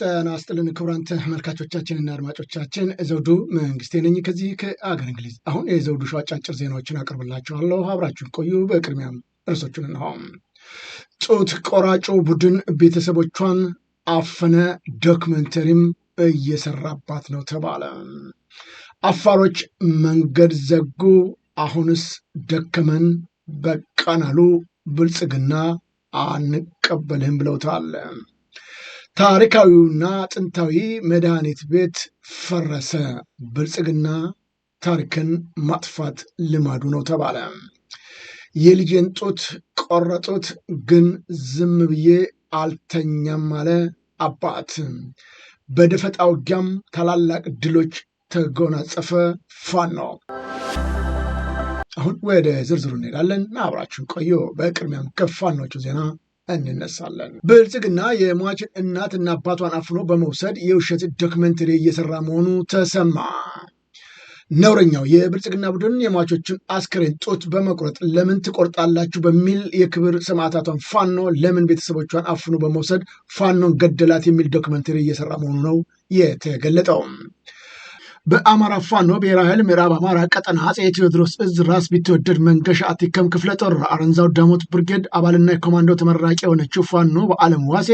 ጤና ይስጥልን ክቡራን ተመልካቾቻችንና አድማጮቻችን ዘውዱ መንግስቴ ነኝ ከዚህ ከአገር እንግሊዝ። አሁን የዘውዱ ሾው አጫጭር ዜናዎችን አቅርብላችኋለሁ አብራችሁን ቆዩ። በቅድሚያም ርዕሶቹን እንሆ። ጡት ቆራጩ ቡድን ቤተሰቦቿን አፈነ፣ ዶክመንተሪም እየሰራባት ነው ተባለ። አፋሮች መንገድ ዘጉ፣ አሁንስ ደከመን በቃን አሉ። ብልጽግና አንቀበልህም ብለውታል። ታሪካዊውና ጥንታዊ መድኃኒት ቤት ፈረሰ። ብልጽግና ታሪክን ማጥፋት ልማዱ ነው ተባለ። የልጄን ጡት ቆረጡት፣ ግን ዝም ብዬ አልተኛም አለ አባት። በደፈጣ ውጊያም ታላላቅ ድሎች ተጎናጸፈ ፋኖ። አሁን ወደ ዝርዝሩ እንሄዳለን። አብራችሁን ቆዩ። በቅድሚያም ከፋኖቹ ዜና እንነሳለን። ብልጽግና እናት እና አባቷን አፍኖ በመውሰድ የውሸት ዶክመንተሪ እየሰራ መሆኑ ተሰማ። ነውረኛው የብልጽግና ቡድን የሟቾችን አስክሬን ጡት በመቁረጥ ለምን ትቆርጣላችሁ በሚል የክብር ሰማዕታቷን ፋኖ ለምን ቤተሰቦቿን አፍኖ በመውሰድ ፋኖን ገደላት የሚል ዶክመንተሪ እየሰራ መሆኑ ነው የተገለጠው። በአማራ ፋኖ ብሔራዊ ኃይል ምዕራብ አማራ ቀጠና አጼ ቴዎድሮስ እዝ ራስ ቢትወደድ መንገሻ አቲከም ክፍለ ጦር አረንዛው ዳሞት ብርጌድ አባልና የኮማንዶ ተመራቂ የሆነችው ፋኖ በአለም ዋሴ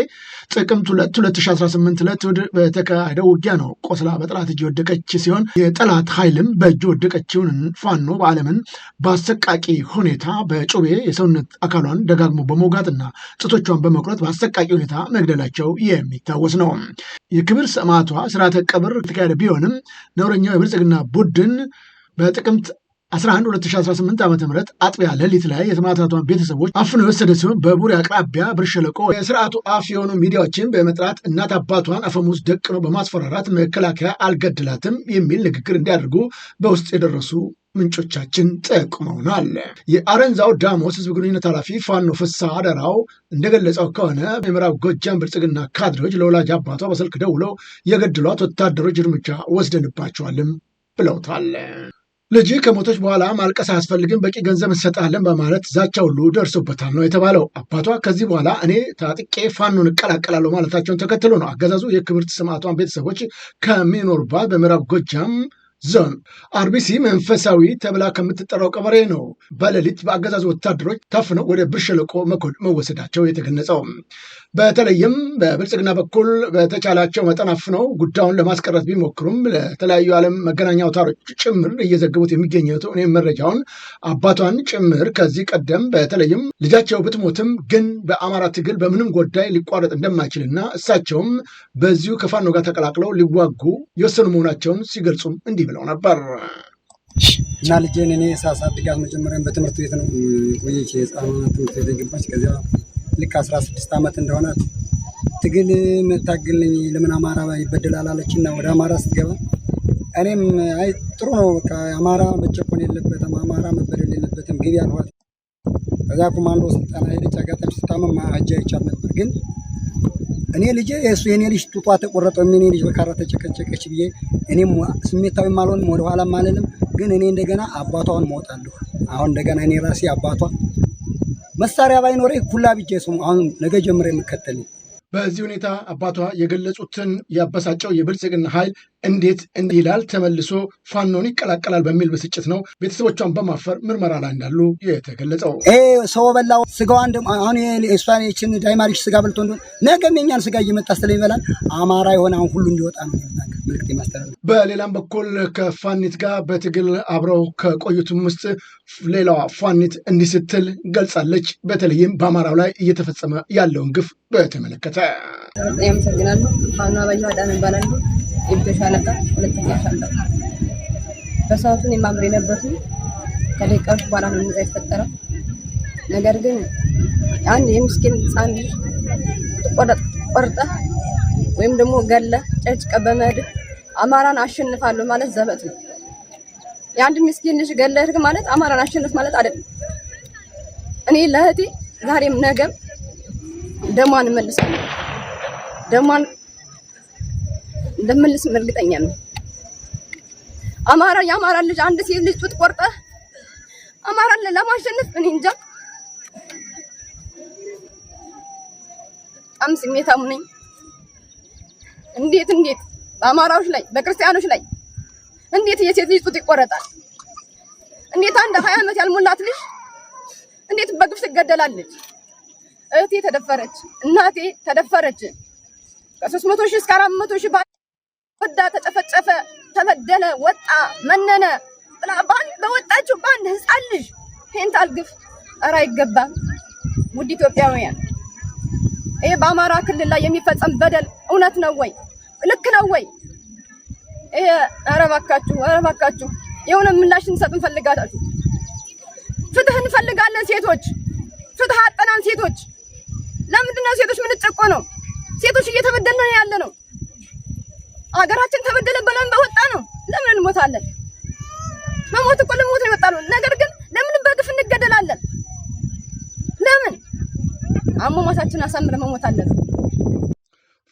ጥቅምት 2 2018 ዕለት በተካሄደው ውጊያ ነው ቆስላ በጠላት እጅ ወደቀች ሲሆን የጠላት ኃይልም በእጅ ወደቀችውን ፋኖ በአለምን በአሰቃቂ ሁኔታ በጩቤ የሰውነት አካሏን ደጋግሞ በመውጋትና ጥቶቿን በመቁረጥ በአሰቃቂ ሁኔታ መግደላቸው የሚታወስ ነው። የክብር ሰማዕቷ ስርዓተ ቀብር የተካሄደ ቢሆንም ነውረኛው የብልጽግና ቡድን በጥቅምት 11 2018 ዓ ም አጥቢያ ሌሊት ላይ የተማታቷን ቤተሰቦች አፍኖ የወሰደ ሲሆን በቡሬ አቅራቢያ ብር ሸለቆ የስርዓቱ አፍ የሆኑ ሚዲያዎችን በመጥራት እናት አባቷን አፈሙዝ ደቅኖ በማስፈራራት መከላከያ አልገድላትም የሚል ንግግር እንዲያደርጉ በውስጥ የደረሱ ምንጮቻችን ጠቁመውናል። የአረንዛው ዳሞስ ህዝብ ግንኙነት ኃላፊ ፋኖ ፍሳ አደራው እንደገለጸው ከሆነ የምዕራብ ጎጃም ብልጽግና ካድሬዎች ለወላጅ አባቷ በስልክ ደውለው የገድሏት ወታደሮች እርምጃ ወስደንባቸዋልም ብለውታል። ልጅ ከሞቶች በኋላ ማልቀስ አያስፈልግም፣ በቂ ገንዘብ እንሰጣለን በማለት ዛቻ ሁሉ ደርሶበታል ነው የተባለው። አባቷ ከዚህ በኋላ እኔ ታጥቄ ፋኖን እቀላቀላለሁ ማለታቸውን ተከትሎ ነው አገዛዙ የክብርት ስምዓቷን ቤተሰቦች ከሚኖሩባት በምዕራብ ጎጃም ዞን አርቢሲ መንፈሳዊ ተብላ ከምትጠራው ቀበሬ ነው በሌሊት በአገዛዝ ወታደሮች ታፍነው ወደ ብር ሸለቆ መኮድ መወሰዳቸው የተገለጸው። በተለይም በብልጽግና በኩል በተቻላቸው መጠን አፍነው ጉዳዩን ለማስቀረት ቢሞክሩም ለተለያዩ ዓለም መገናኛ አውታሮች ጭምር እየዘገቡት የሚገኘቱ እኔም መረጃውን አባቷን ጭምር ከዚህ ቀደም በተለይም ልጃቸው ብትሞትም ግን በአማራ ትግል በምንም ጉዳይ ሊቋረጥ እንደማይችልና እሳቸውም በዚሁ ከፋኖ ጋር ተቀላቅለው ሊዋጉ የወሰኑ መሆናቸውን ሲገልጹም እንዲህ ብለው ነበር። እና ልጄን እኔ ሳሳድጋት መጀመሪያም በትምህርት ቤት ነው ቆየች። የህፃናት ትምህርት ቤት የገባች ከዚያ ልክ አስራ ስድስት ዓመት እንደሆናት ትግል የምታግልኝ ለምን አማራ ይበደላል አለች እና ወደ አማራ ስትገባ እኔም አይ ጥሩ ነው በቃ አማራ መጨቆን የለበትም አማራ መበደል የለበትም ግቢ አልኋት። ከዛ ኮማንዶ ስልጠና ሄደች። አጋጣሚ ስታመም ሂጄ አይቻል ነበር ግን እኔ ልጅ እሱ የኔ ልጅ ጡቷ ተቆረጠ፣ የኔ ልጅ በካራ ተጨቀጨቀች ብዬ እኔም ስሜታዊ አልሆንም፣ ወደኋላም አልልም። ግን እኔ እንደገና አባቷን ሞታለሁ። አሁን እንደገና እኔ ራሴ አባቷ መሳሪያ ባይኖረኝ ሁላ ብቻ ሰው አሁን ነገ ጀምሮ የምከተል በዚህ ሁኔታ አባቷ የገለጹትን ያበሳጨው የብልጽግና ኃይል እንዴት እንዲህ ይላል ተመልሶ ፋኖን ይቀላቀላል በሚል ብስጭት ነው ቤተሰቦቿን በማፈር ምርመራ ላይ እንዳሉ የተገለጸው። ሰው በላው ስጋዋን አሁን ስፓችን ዳይማሪች ስጋ በልቶ እንደሆነ ነገም የኛን ስጋ እየመጣ ስለሚበላል አማራ የሆነ አሁን ሁሉ እንዲወጣ ነው። በሌላም በኩል ከፋኒት ጋር በትግል አብረው ከቆዩትም ውስጥ ሌላዋ ፋኒት እንዲህ ስትል ገልጻለች። በተለይም በአማራው ላይ እየተፈጸመ ያለውን ግፍ በተመለከተ አመሰግናለሁ። ፋኖ አበየ አዳነ ይባላሉ። ሻለቃ ሁለተኛ ሻለቃ በሰዓቱን የማምር የነበርኩ ከደቂቃዎች በኋላ ነው እዛ የተፈጠረው ነገር ግን አንድ የምስኪን ህፃን ልጅ ቆርጠ ወይም ደግሞ ገለ ጨጭቀ በመድ አማራን አሸንፋለሁ ማለት ዘበት ነው። የአንድ ምስኪን ልጅ ገለ ህግ ማለት አማራን አሸንፍ ማለት አይደለም። እኔ ለእህቴ ዛሬም ነገም ደሟን እመልሳለሁ። ደሟን እንደምልስም እርግጠኛ ነው። አማራ የአማራ ልጅ አንድ ሴት ልጅ ጡት ቆርጠ አማራ ለማሸነፍ እኔ እንጃ። በጣም ስሜታም ነኝ። እንዴት እንዴት በአማራዎች ላይ በክርስቲያኖች ላይ እንዴት የሴት ልጅ ጡት ይቆረጣል? እንዴት አንድ ሀያ ዓመት ያልሞላት ልጅ እንዴት በግፍ ትገደላለች? እህቴ ተደፈረች፣ እናቴ ተደፈረች። ከሶስት መቶ ሺህ እስከ አራት መቶ ሺህ ወዳ ተጨፈጨፈ፣ ተበደለ፣ ወጣ፣ መነነ ብላ በወጣችው በአንድ ህፃን ልጅ ፔንታል ግፍ ኧረ አይገባም። ውድ ኢትዮጵያውያን ይሄ በአማራ ክልል ላይ የሚፈጸም በደል እውነት ነው ወይ? ልክ ነው ወይ? ይሄ ኧረ እባካችሁ ኧረ እባካችሁ የሆነ ምላሽ እንሰጥ እንፈልጋታችሁ። ፍትህ እንፈልጋለን ሴቶች፣ ፍትህ አጠናን ሴቶች። ለምንድነው ሴቶች ምንጨቆ ነው? ሴቶች እየተበደልን ያለ ነው። አገራችን ተበደለ ብለን በወጣ ነው። ለምን እንሞታለን? መሞት እኮ ለሞት ነው የወጣ ነው። ነገር ግን ለምን በግፍ እንገደላለን? ለምን አሟሟታችን አሳምረን መሞት አለብን?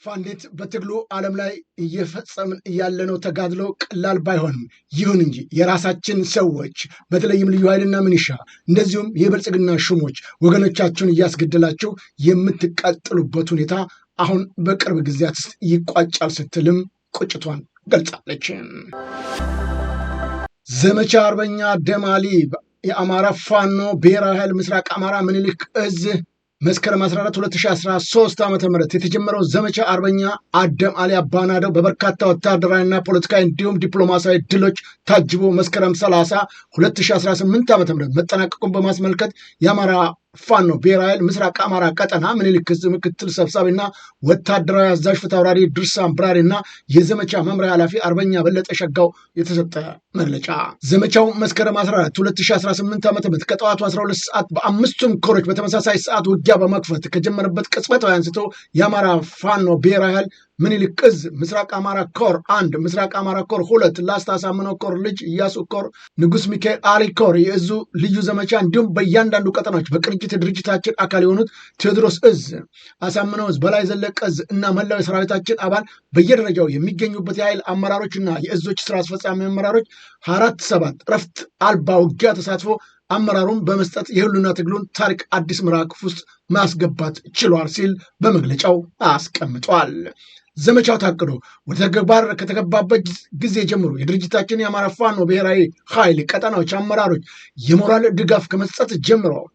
ፋንዲት በትግሉ ዓለም ላይ እየፈጸምን እያለነው ተጋድሎ ቀላል ባይሆንም ይሁን እንጂ የራሳችን ሰዎች በተለይም ልዩ ኃይልና ምንሻ እንደዚሁም የብልጽግና ሹሞች ወገኖቻችሁን እያስገደላችሁ የምትቀጥሉበት ሁኔታ አሁን በቅርብ ጊዜያት ይቋጫል ስትልም ቁጭቷን ገልጻለች። ዘመቻ አርበኛ ደማሊ የአማራ ፋኖ ብሔራዊ ኃይል ምስራቅ አማራ ምኒልክ እዝ መስከረም 14 2013 ዓ ም የተጀመረው ዘመቻ አርበኛ አደም አሊ አባናደው በበርካታ ወታደራዊና ፖለቲካዊ እንዲሁም ዲፕሎማሲያዊ ድሎች ታጅቦ መስከረም 30 2018 ዓ ም መጠናቀቁን በማስመልከት የአማራ ፋኖ ብሔራዊ ኃይል ምስራቅ አማራ ቀጠና ምኒልክ ዕዝ ምክትል ሰብሳቢና ወታደራዊ አዛዥ ፊታውራሪ ድርሳን እና የዘመቻ መምሪያ ኃላፊ አርበኛ በለጠ ሸጋው የተሰጠ መግለጫ ዘመቻው መስከረም 14 2018 ዓ ም ከጠዋቱ 12 ሰዓት በአምስቱም ኮሮች በተመሳሳይ ሰዓት ውጊያ በመክፈት ከጀመረበት ቅጽበታዊ አንስቶ የአማራ ፋኖ ብሔራዊ ኃይል ምኒልክ እዝ ምስራቅ አማራ ኮር አንድ፣ ምስራቅ አማራ ኮር ሁለት፣ ላስታ ሳምኖ ኮር ልጅ እያሱ ኮር፣ ንጉስ ሚካኤል አሊ ኮር የእዙ ልዩ ዘመቻ እንዲሁም በእያንዳንዱ ቀጠናዎች በቅንጅት ድርጅታችን አካል የሆኑት ቴዎድሮስ እዝ፣ አሳምነው እዝ፣ በላይ ዘለቀ እዝ እና መላው የሰራዊታችን አባል በየደረጃው የሚገኙበት የኃይል አመራሮችና የእዞች ስራ አስፈጻሚ አመራሮች አራት ሰባት ረፍት አልባ ውጊያ ተሳትፎ አመራሩን በመስጠት የህሉና ትግሉን ታሪክ አዲስ ምዕራፍ ውስጥ ማስገባት ችሏል ሲል በመግለጫው አስቀምጧል። ዘመቻው ታቅዶ ወደ ተግባር ከተገባበት ጊዜ ጀምሮ የድርጅታችን የአማራ ፋኖ ብሔራዊ ኃይል ቀጠናዎች አመራሮች የሞራል ድጋፍ ከመስጠት ጀምረዋል።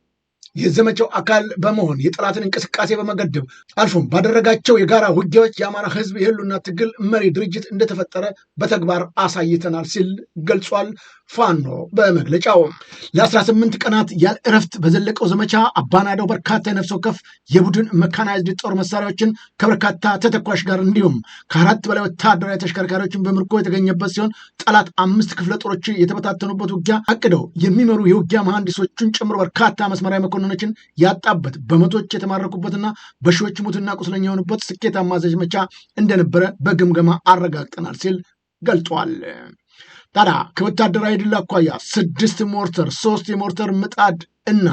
የዘመቻው አካል በመሆን የጠላትን እንቅስቃሴ በመገደብ አልፎም ባደረጋቸው የጋራ ውጊያዎች የአማራ ህዝብ የህሉና ትግል መሪ ድርጅት እንደተፈጠረ በተግባር አሳይተናል ሲል ገልጿል። ፋኖ በመግለጫው ለ18 ቀናት ያለ እረፍት በዘለቀው ዘመቻ አባናደው በርካታ የነፍስ ወከፍ የቡድን መካናይዝድ ጦር መሳሪያዎችን ከበርካታ ተተኳሽ ጋር እንዲሁም ከአራት በላይ ወታደራዊ ተሽከርካሪዎችን በምርኮ የተገኘበት ሲሆን ጠላት አምስት ክፍለ ጦሮች የተበታተኑበት ውጊያ አቅደው የሚመሩ የውጊያ መሐንዲሶቹን ጨምሮ በርካታ መስመራዊ መኮንን መኮንኖችን ያጣበት በመቶች የተማረኩበትና በሺዎች ሙትና ቁስለኛ የሆኑበት ስኬታማ ዘመቻ እንደነበረ በግምገማ አረጋግጠናል ሲል ገልጧል። ታዲያ ከወታደራዊ ድል አኳያ ስድስት ሞርተር፣ ሶስት የሞርተር ምጣድ እና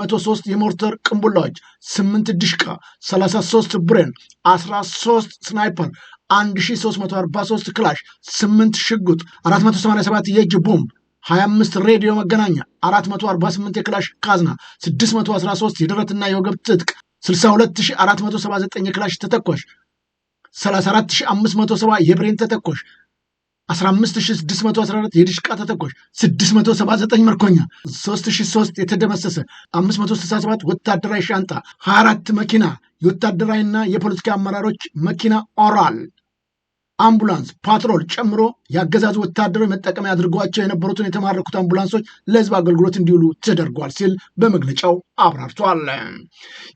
103 የሞርተር ቅንቡላዎች፣ 8 ድሽቃ፣ 33 ብሬን፣ 13 ስናይፐር 1343 ክላሽ 8 ሽጉጥ 487 የእጅ ቦምብ 25 ሬዲዮ መገናኛ፣ 448 የክላሽ ካዝና፣ 613 የደረትና የወገብ ትጥቅ፣ 62479 የክላሽ ተተኳሽ፣ 34570 የብሬን ተተኳሽ፣ 15614 የድሽቃ ተተኳሽ፣ 679 መርኮኛ፣ 3003 የተደመሰሰ፣ 567 ወታደራዊ ሻንጣ፣ 24 መኪና የወታደራዊና የፖለቲካ አመራሮች መኪና ኦራል አምቡላንስ ፓትሮል ጨምሮ የአገዛዙ ወታደሮች መጠቀሚያ አድርጓቸው የነበሩትን የተማረኩት አምቡላንሶች ለህዝብ አገልግሎት እንዲውሉ ተደርጓል ሲል በመግለጫው አብራርቷል።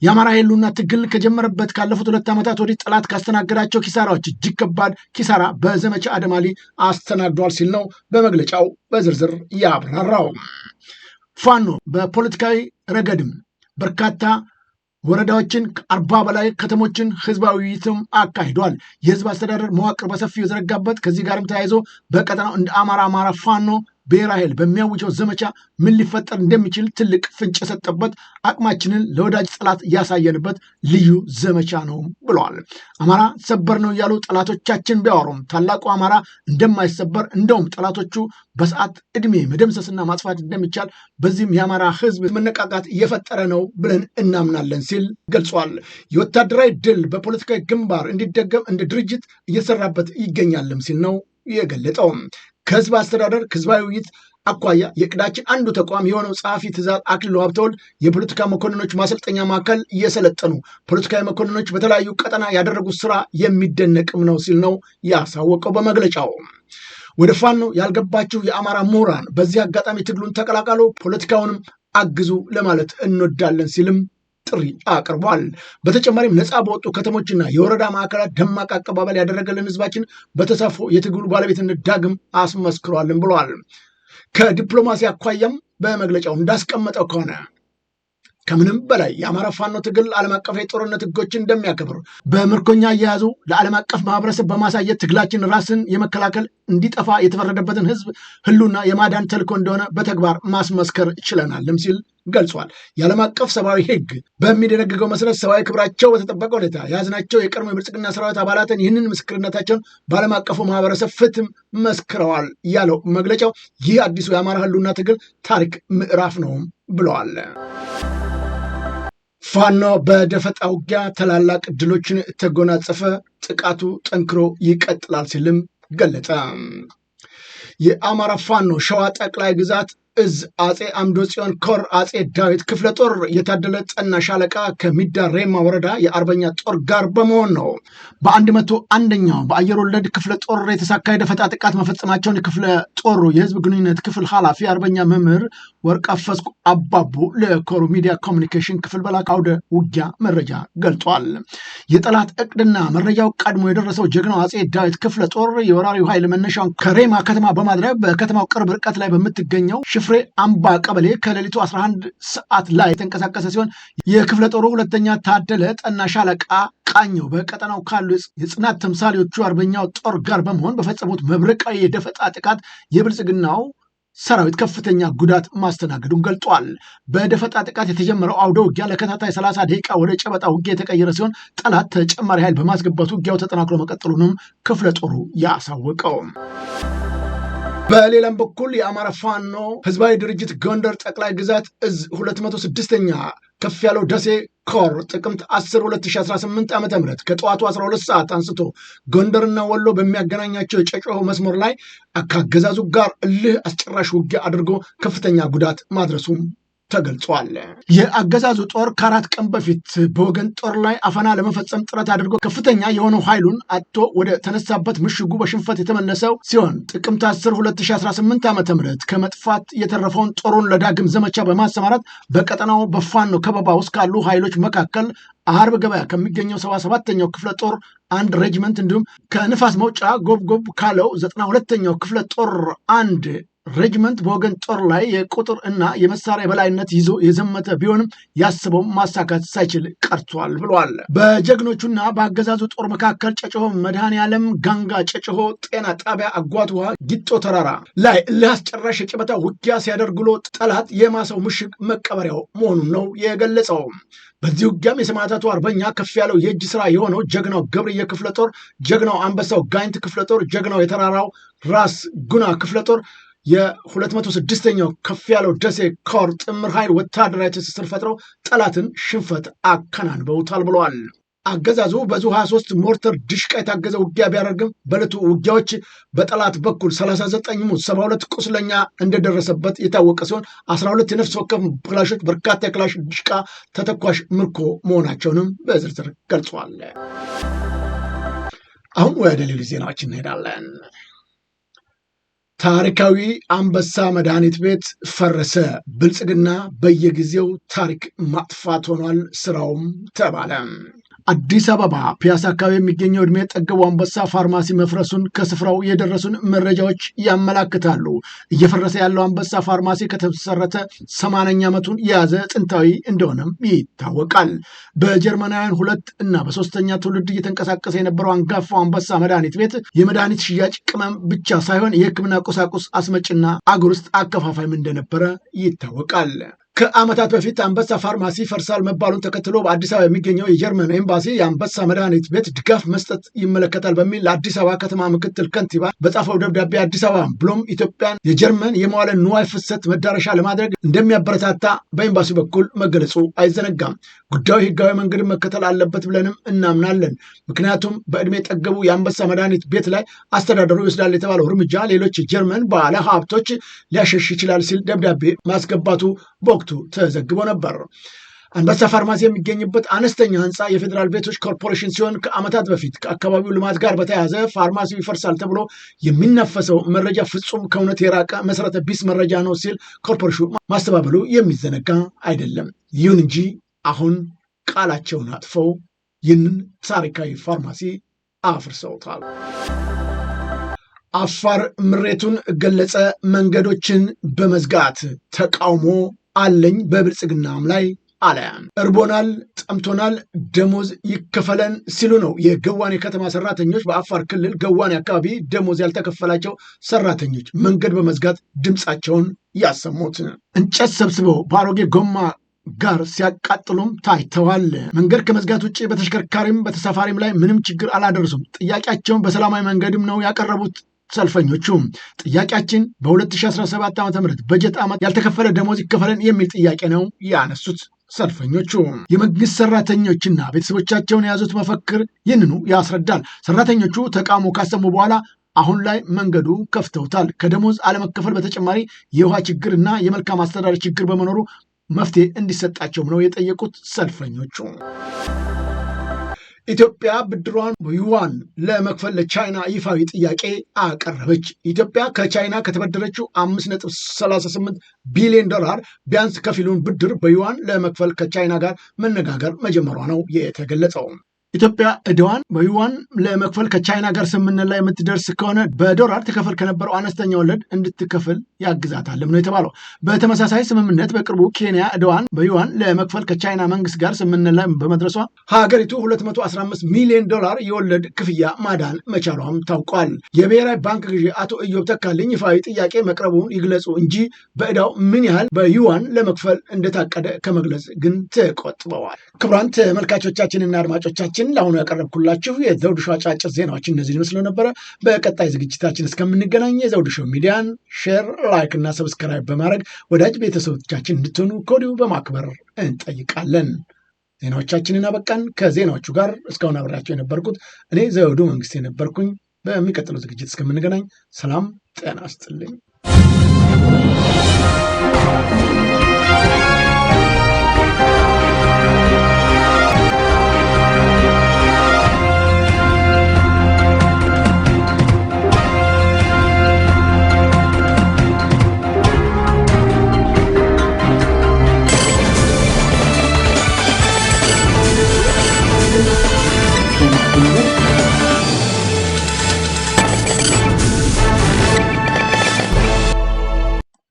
የአማራ ህልውና ትግል ከጀመረበት ካለፉት ሁለት ዓመታት ወዲህ ጠላት ካስተናገዳቸው ኪሳራዎች እጅግ ከባድ ኪሳራ በዘመቻ አደማሊ አስተናግዷል ሲል ነው በመግለጫው በዝርዝር ያብራራው። ፋኖ በፖለቲካዊ ረገድም በርካታ ወረዳዎችን ከአርባ በላይ ከተሞችን ህዝባዊ ውይይትም አካሂዷል። የህዝብ አስተዳደር መዋቅር በሰፊው የዘረጋበት ከዚህ ጋርም ተያይዞ በቀጠናው እንደ አማራ አማራ ፋኖ ብሔራዊ ኃይል በሚያውጀው ዘመቻ ምን ሊፈጠር እንደሚችል ትልቅ ፍንጭ የሰጠበት አቅማችንን ለወዳጅ ጠላት እያሳየንበት ልዩ ዘመቻ ነው ብለዋል። አማራ ሰበር ነው እያሉ ጠላቶቻችን ቢያወሩም ታላቁ አማራ እንደማይሰበር እንደውም ጠላቶቹ በሰዓት እድሜ መደምሰስና ማጥፋት እንደሚቻል በዚህም የአማራ ህዝብ መነቃቃት እየፈጠረ ነው ብለን እናምናለን ሲል ገልጿል። የወታደራዊ ድል በፖለቲካዊ ግንባር እንዲደገም እንደ ድርጅት እየሰራበት ይገኛልም ሲል ነው የገለጠው። ከህዝብ አስተዳደር ህዝባዊ ውይይት አኳያ የቅዳችን አንዱ ተቋም የሆነው ጸሐፊ ትእዛዝ አክሊሉ ሀብተወልድ የፖለቲካ መኮንኖች ማሰልጠኛ ማዕከል እየሰለጠኑ ፖለቲካዊ መኮንኖች በተለያዩ ቀጠና ያደረጉት ስራ የሚደነቅም ነው ሲል ነው ያሳወቀው በመግለጫው። ወደ ፋኖ ያልገባችሁ የአማራ ምሁራን በዚህ አጋጣሚ ትግሉን ተቀላቀሉ፣ ፖለቲካውንም አግዙ ለማለት እንወዳለን ሲልም ጥሪ አቅርቧል። በተጨማሪም ነፃ በወጡ ከተሞችና የወረዳ ማዕከላት ደማቅ አቀባበል ያደረገልን ህዝባችን በተሳትፎ የትግሉ ባለቤትነት ዳግም አስመስክሯልን ብለዋል። ከዲፕሎማሲ አኳያም በመግለጫው እንዳስቀመጠው ከሆነ ከምንም በላይ የአማራ ፋኖ ትግል ዓለም አቀፍ የጦርነት ህጎችን እንደሚያከብር በምርኮኛ አያያዙ ለዓለም አቀፍ ማህበረሰብ በማሳየት ትግላችን ራስን የመከላከል እንዲጠፋ የተፈረደበትን ህዝብ ህሉና የማዳን ተልእኮ እንደሆነ በተግባር ማስመስከር ችለናልም ሲል ገልጿል። የዓለም አቀፍ ሰብአዊ ህግ በሚደነግገው መሰረት ሰብአዊ ክብራቸው በተጠበቀ ሁኔታ የያዝናቸው የቀድሞ የብልጽግና ሰራዊት አባላትን ይህንን ምስክርነታቸውን በዓለም አቀፉ ማህበረሰብ ፍትም መስክረዋል ያለው መግለጫው ይህ አዲሱ የአማራ ህሉና ትግል ታሪክ ምዕራፍ ነው ብለዋል። ፋኖ በደፈጣ ውጊያ ታላላቅ ድሎችን ተጎናጸፈ፣ ጥቃቱ ጠንክሮ ይቀጥላል ሲልም ገለጠ። የአማራ ፋኖ ሸዋ ጠቅላይ ግዛት እዝ አጼ አምዶ ጽዮን ኮር አጼ ዳዊት ክፍለ ጦር የታደለ ጠና ሻለቃ ከሚዳ ሬማ ወረዳ የአርበኛ ጦር ጋር በመሆን ነው በአንድ መቶ አንደኛው በአየር ወለድ ክፍለ ጦር የተሳካ የደፈጣ ጥቃት መፈጸማቸውን ክፍለ ጦሩ የህዝብ ግንኙነት ክፍል ኃላፊ አርበኛ መምህር ወርቅ አፈስኩ አባቡ ለኮሩ ሚዲያ ኮሚኒኬሽን ክፍል በላከው አውደ ውጊያ መረጃ ገልጧል። የጠላት እቅድና መረጃው ቀድሞ የደረሰው ጀግናው አጼ ዳዊት ክፍለ ጦር የወራሪው ኃይል መነሻውን ከሬማ ከተማ በማድረግ በከተማው ቅርብ ርቀት ላይ በምትገኘው ሽፍ ፍሬ አምባ ቀበሌ ከሌሊቱ 11 ሰዓት ላይ የተንቀሳቀሰ ሲሆን የክፍለ ጦሩ ሁለተኛ ታደለ ጠና ሻለቃ ቃኘው በቀጠናው ካሉ የጽናት ተምሳሌዎቹ አርበኛው ጦር ጋር በመሆን በፈጸሙት መብረቃዊ የደፈጣ ጥቃት የብልጽግናው ሰራዊት ከፍተኛ ጉዳት ማስተናገዱን ገልጧል። በደፈጣ ጥቃት የተጀመረው አውደ ውጊያ ለከታታይ 30 ደቂቃ ወደ ጨበጣ ውጊያ የተቀየረ ሲሆን ጠላት ተጨማሪ ኃይል በማስገባት ውጊያው ተጠናክሮ መቀጠሉንም ክፍለ ጦሩ ያሳወቀውም። በሌላም በኩል የአማራ ፋኖ ህዝባዊ ድርጅት ጎንደር ጠቅላይ ግዛት እዝ 206ኛ ከፍ ያለው ደሴ ኮር ጥቅምት 10 2018 ዓ ም ከጠዋቱ 12 ሰዓት አንስቶ ጎንደርና ወሎ በሚያገናኛቸው የጨጮሆ መስመር ላይ ከአገዛዙ ጋር እልህ አስጨራሽ ውጊያ አድርጎ ከፍተኛ ጉዳት ማድረሱም ተገልጿል። የአገዛዙ ጦር ከአራት ቀን በፊት በወገን ጦር ላይ አፈና ለመፈጸም ጥረት አድርጎ ከፍተኛ የሆነው ኃይሉን አቶ ወደ ተነሳበት ምሽጉ በሽንፈት የተመለሰው ሲሆን ጥቅምት 10 2018 ዓ ም ከመጥፋት የተረፈውን ጦሩን ለዳግም ዘመቻ በማሰማራት በቀጠናው በፋኖ ከበባ ውስጥ ካሉ ኃይሎች መካከል አርብ ገበያ ከሚገኘው ሰባ ሰባተኛው ክፍለ ጦር አንድ ሬጅመንት እንዲሁም ከንፋስ መውጫ ጎብጎብ ካለው ዘጠና ሁለተኛው ክፍለ ጦር አንድ ሬጅመንት በወገን ጦር ላይ የቁጥር እና የመሳሪያ የበላይነት ይዞ የዘመተ ቢሆንም ያስበው ማሳካት ሳይችል ቀርቷል ብሏል። በጀግኖቹና በአገዛዙ ጦር መካከል ጨጭሆ መድኃኔ ዓለም ጋንጋ፣ ጨጭሆ ጤና ጣቢያ፣ አጓት ውሃ፣ ጊጦ ተራራ ላይ ለአስጨራሽ የጨበታ ውጊያ ሲያደርግሎ ጠላት የማሰው ምሽግ መቀበሪያው መሆኑን ነው የገለጸው። በዚህ ውጊያም የሰማዕታቱ አርበኛ ከፍ ያለው የእጅ ስራ የሆነው ጀግናው ገብርዬ ክፍለ ጦር፣ ጀግናው አንበሳው ጋይንት ክፍለ ጦር፣ ጀግናው የተራራው ራስ ጉና ክፍለ ጦር የ206ኛው ከፍ ያለው ደሴ ኮር ጥምር ኃይል ወታደራዊ ትስስር ፈጥረው ጠላትን ሽንፈት አከናንበውታል ብለዋል። አገዛዙ በዙ 23 ሞርተር ድሽቃ የታገዘ ውጊያ ቢያደርግም በዕለቱ ውጊያዎች በጠላት በኩል 39 ሙት፣ 72 ቁስለኛ እንደደረሰበት የታወቀ ሲሆን 12 የነፍስ ወከፍ ክላሾች፣ በርካታ የክላሽ ድሽቃ ተተኳሽ ምርኮ መሆናቸውንም በዝርዝር ገልጿል። አሁን ወደ ሌሎች ዜናዎች እንሄዳለን። ታሪካዊ አንበሳ መድኃኒት ቤት ፈረሰ። ብልጽግና በየጊዜው ታሪክ ማጥፋት ሆኗል ስራውም ተባለ። አዲስ አበባ ፒያሳ አካባቢ የሚገኘው እድሜ ጠገቡ አንበሳ ፋርማሲ መፍረሱን ከስፍራው የደረሱን መረጃዎች ያመላክታሉ። እየፈረሰ ያለው አንበሳ ፋርማሲ ከተመሰረተ ሰማንያኛ ዓመቱን የያዘ ጥንታዊ እንደሆነም ይታወቃል። በጀርመናውያን ሁለት እና በሶስተኛ ትውልድ እየተንቀሳቀሰ የነበረው አንጋፋው አንበሳ መድኃኒት ቤት የመድኃኒት ሽያጭ ቅመም ብቻ ሳይሆን የሕክምና ቁሳቁስ አስመጭና አገር ውስጥ አከፋፋይም እንደነበረ ይታወቃል። ከዓመታት በፊት አንበሳ ፋርማሲ ፈርሳል መባሉን ተከትሎ በአዲስ አበባ የሚገኘው የጀርመን ኤምባሲ የአንበሳ መድኃኒት ቤት ድጋፍ መስጠት ይመለከታል በሚል ለአዲስ አበባ ከተማ ምክትል ከንቲባ በጻፈው ደብዳቤ አዲስ አበባ ብሎም ኢትዮጵያን የጀርመን የመዋለ ንዋይ ፍሰት መዳረሻ ለማድረግ እንደሚያበረታታ በኤምባሲ በኩል መገለጹ አይዘነጋም። ጉዳዩ ህጋዊ መንገድ መከተል አለበት ብለንም እናምናለን። ምክንያቱም በእድሜ ጠገቡ የአንበሳ መድኃኒት ቤት ላይ አስተዳደሩ ይወስዳል የተባለው እርምጃ ሌሎች ጀርመን ባለ ሀብቶች ሊያሸሽ ይችላል ሲል ደብዳቤ ማስገባቱ በወቅቱ ተዘግቦ ነበር። አንበሳ ፋርማሲ የሚገኝበት አነስተኛ ህንፃ የፌዴራል ቤቶች ኮርፖሬሽን ሲሆን ከዓመታት በፊት ከአካባቢው ልማት ጋር በተያያዘ ፋርማሲው ይፈርሳል ተብሎ የሚነፈሰው መረጃ ፍጹም ከእውነት የራቀ መሰረተ ቢስ መረጃ ነው ሲል ኮርፖሬሽኑ ማስተባበሉ የሚዘነጋ አይደለም። ይሁን እንጂ አሁን ቃላቸውን አጥፈው ይህንን ታሪካዊ ፋርማሲ አፍርሰውታል። አፋር ምሬቱን ገለጸ። መንገዶችን በመዝጋት ተቃውሞ አለኝ በብልጽግናም ላይ አለያም እርቦናል፣ ጠምቶናል፣ ደሞዝ ይከፈለን ሲሉ ነው የገዋኔ ከተማ ሰራተኞች በአፋር ክልል ገዋኔ አካባቢ ደሞዝ ያልተከፈላቸው ሰራተኞች መንገድ በመዝጋት ድምፃቸውን ያሰሙት። እንጨት ሰብስበው በአሮጌ ጎማ ጋር ሲያቃጥሉም ታይተዋል። መንገድ ከመዝጋት ውጭ በተሽከርካሪም በተሳፋሪም ላይ ምንም ችግር አላደረሱም። ጥያቄያቸውን በሰላማዊ መንገድም ነው ያቀረቡት። ሰልፈኞቹ ጥያቄያችን በ2017 ዓ ም በጀት ዓመት ያልተከፈለ ደሞዝ ይከፈለን የሚል ጥያቄ ነው ያነሱት። ሰልፈኞቹ የመንግስት ሰራተኞችና ቤተሰቦቻቸውን የያዙት መፈክር ይህንኑ ያስረዳል። ሰራተኞቹ ተቃውሞ ካሰሙ በኋላ አሁን ላይ መንገዱ ከፍተውታል። ከደሞዝ አለመከፈል በተጨማሪ የውሃ ችግር እና የመልካም አስተዳደር ችግር በመኖሩ መፍትሄ እንዲሰጣቸውም ነው የጠየቁት ሰልፈኞቹ። ኢትዮጵያ ብድሯን በዩዋን ለመክፈል ለቻይና ይፋዊ ጥያቄ አቀረበች። ኢትዮጵያ ከቻይና ከተበደረችው 5.38 ቢሊዮን ዶላር ቢያንስ ከፊሉን ብድር በዩዋን ለመክፈል ከቻይና ጋር መነጋገር መጀመሯ ነው የተገለጸው። ኢትዮጵያ እድዋን በዩዋን ለመክፈል ከቻይና ጋር ስምምነት ላይ የምትደርስ ከሆነ በዶላር ትከፍል ከነበረው አነስተኛ ወለድ እንድትከፍል ያግዛታልም ነው የተባለው። በተመሳሳይ ስምምነት በቅርቡ ኬንያ እድዋን በዩዋን ለመክፈል ከቻይና መንግስት ጋር ስምምነት ላይ በመድረሷ ሀገሪቱ 215 ሚሊዮን ዶላር የወለድ ክፍያ ማዳን መቻሏም ታውቋል። የብሔራዊ ባንክ ግዢ አቶ እዮብ ተካልኝ ይፋዊ ጥያቄ መቅረቡን ይግለጹ እንጂ በእዳው ምን ያህል በዩዋን ለመክፈል እንደታቀደ ከመግለጽ ግን ተቆጥበዋል። ክቡራን ተመልካቾቻችንና አድማጮቻችን ዝግጅታችን ለአሁኑ ያቀረብኩላችሁ የዘውዱ ሾው አጫጭር ዜናዎች እነዚህ ይመስሉ ነበረ። በቀጣይ ዝግጅታችን እስከምንገናኝ የዘውዱ ሾው ሚዲያን ሼር፣ ላይክ እና ሰብስክራይብ በማድረግ ወዳጅ ቤተሰቦቻችን እንድትሆኑ ከወዲሁ በማክበር እንጠይቃለን። ዜናዎቻችንን አበቃን። ከዜናዎቹ ጋር እስካሁን አብሬያቸው የነበርኩት እኔ ዘውዱ መንግስት የነበርኩኝ። በሚቀጥለው ዝግጅት እስከምንገናኝ ሰላም ጤና ይስጥልኝ።